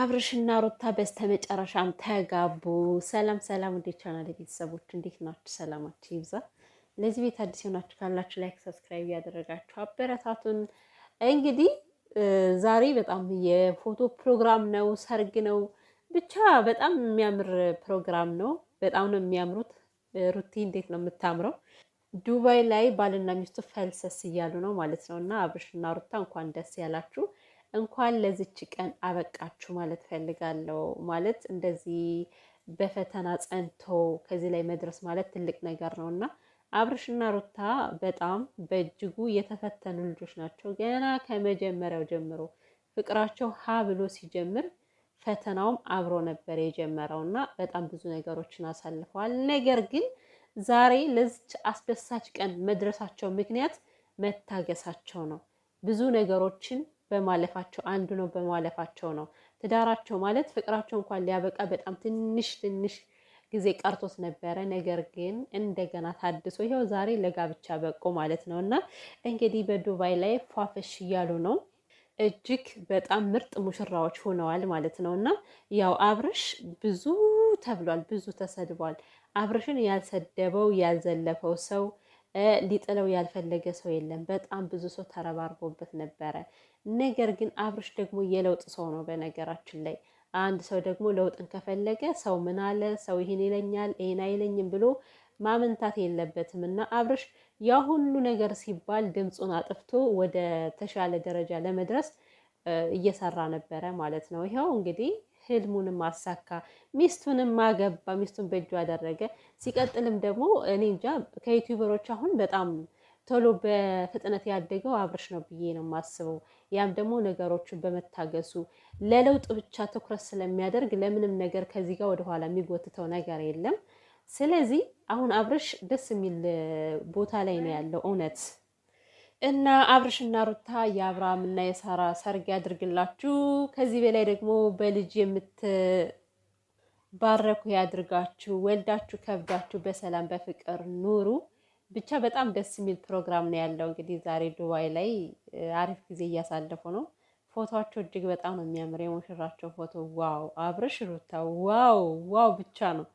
አብርሽና ሩታ በስተመጨረሻም ተጋቡ። ሰላም ሰላም፣ እንዴት ቻናል ቤተሰቦች እንዴት ናችሁ? ሰላማችሁ ይብዛ። ለዚህ ቤት አዲስ የሆናችሁ ካላችሁ ላይክ፣ ሰብስክራይብ እያደረጋችሁ አበረታቱን። እንግዲህ ዛሬ በጣም የፎቶ ፕሮግራም ነው፣ ሰርግ ነው፣ ብቻ በጣም የሚያምር ፕሮግራም ነው። በጣም ነው የሚያምሩት። ሩቲ እንዴት ነው የምታምረው! ዱባይ ላይ ባልና ሚስቱ ፈልሰስ እያሉ ነው ማለት ነው። እና አብርሽና ሩታ እንኳን ደስ ያላችሁ እንኳን ለዚች ቀን አበቃችሁ ማለት ፈልጋለሁ። ማለት እንደዚህ በፈተና ጸንቶ ከዚህ ላይ መድረስ ማለት ትልቅ ነገር ነው እና አብርሽና ሩታ በጣም በእጅጉ የተፈተኑ ልጆች ናቸው። ገና ከመጀመሪያው ጀምሮ ፍቅራቸው ሀ ብሎ ሲጀምር ፈተናውም አብሮ ነበር የጀመረው እና በጣም ብዙ ነገሮችን አሳልፈዋል። ነገር ግን ዛሬ ለዚች አስደሳች ቀን መድረሳቸው ምክንያት መታገሳቸው ነው። ብዙ ነገሮችን በማለፋቸው አንዱ ነው በማለፋቸው ነው። ትዳራቸው ማለት ፍቅራቸው እንኳን ሊያበቃ በጣም ትንሽ ትንሽ ጊዜ ቀርቶት ነበረ። ነገር ግን እንደገና ታድሶ ይኸው ዛሬ ለጋብቻ በቁ ማለት ነው። እና እንግዲህ በዱባይ ላይ ፏፈሽ እያሉ ነው። እጅግ በጣም ምርጥ ሙሽራዎች ሆነዋል ማለት ነው። እና ያው አብርሽ ብዙ ተብሏል፣ ብዙ ተሰድቧል። አብርሽን ያልሰደበው ያልዘለፈው ሰው ሊጥለው ያልፈለገ ሰው የለም። በጣም ብዙ ሰው ተረባርቦበት ነበረ። ነገር ግን አብርሽ ደግሞ የለውጥ ሰው ነው። በነገራችን ላይ አንድ ሰው ደግሞ ለውጥን ከፈለገ ሰው ምን አለ፣ ሰው ይህን ይለኛል፣ ይህን አይለኝም ብሎ ማመንታት የለበትም እና አብርሽ ያ ሁሉ ነገር ሲባል ድምፁን አጥፍቶ ወደ ተሻለ ደረጃ ለመድረስ እየሰራ ነበረ ማለት ነው። ይኸው እንግዲህ ህልሙንም አሳካ፣ ሚስቱንም አገባ፣ ሚስቱን በእጁ አደረገ። ሲቀጥልም ደግሞ እኔ እንጃ ከዩቲዩበሮች አሁን በጣም ቶሎ በፍጥነት ያደገው አብርሽ ነው ብዬ ነው የማስበው። ያም ደግሞ ነገሮችን በመታገሱ ለለውጥ ብቻ ትኩረት ስለሚያደርግ ለምንም ነገር ከዚህ ጋር ወደኋላ የሚጎትተው ነገር የለም። ስለዚህ አሁን አብርሽ ደስ የሚል ቦታ ላይ ነው ያለው እውነት እና አብርሽና ሩታ የአብርሃም እና የሳራ ሰርግ ያድርግላችሁ። ከዚህ በላይ ደግሞ በልጅ የምትባረኩ ያድርጋችሁ። ወልዳችሁ ከብዳችሁ በሰላም በፍቅር ኑሩ። ብቻ በጣም ደስ የሚል ፕሮግራም ነው ያለው። እንግዲህ ዛሬ ዱባይ ላይ አሪፍ ጊዜ እያሳለፉ ነው። ፎቶቸው እጅግ በጣም ነው የሚያምር። የሙሽራቸው ፎቶ ዋው! አብርሽ ሩታ ዋው ዋው ብቻ ነው።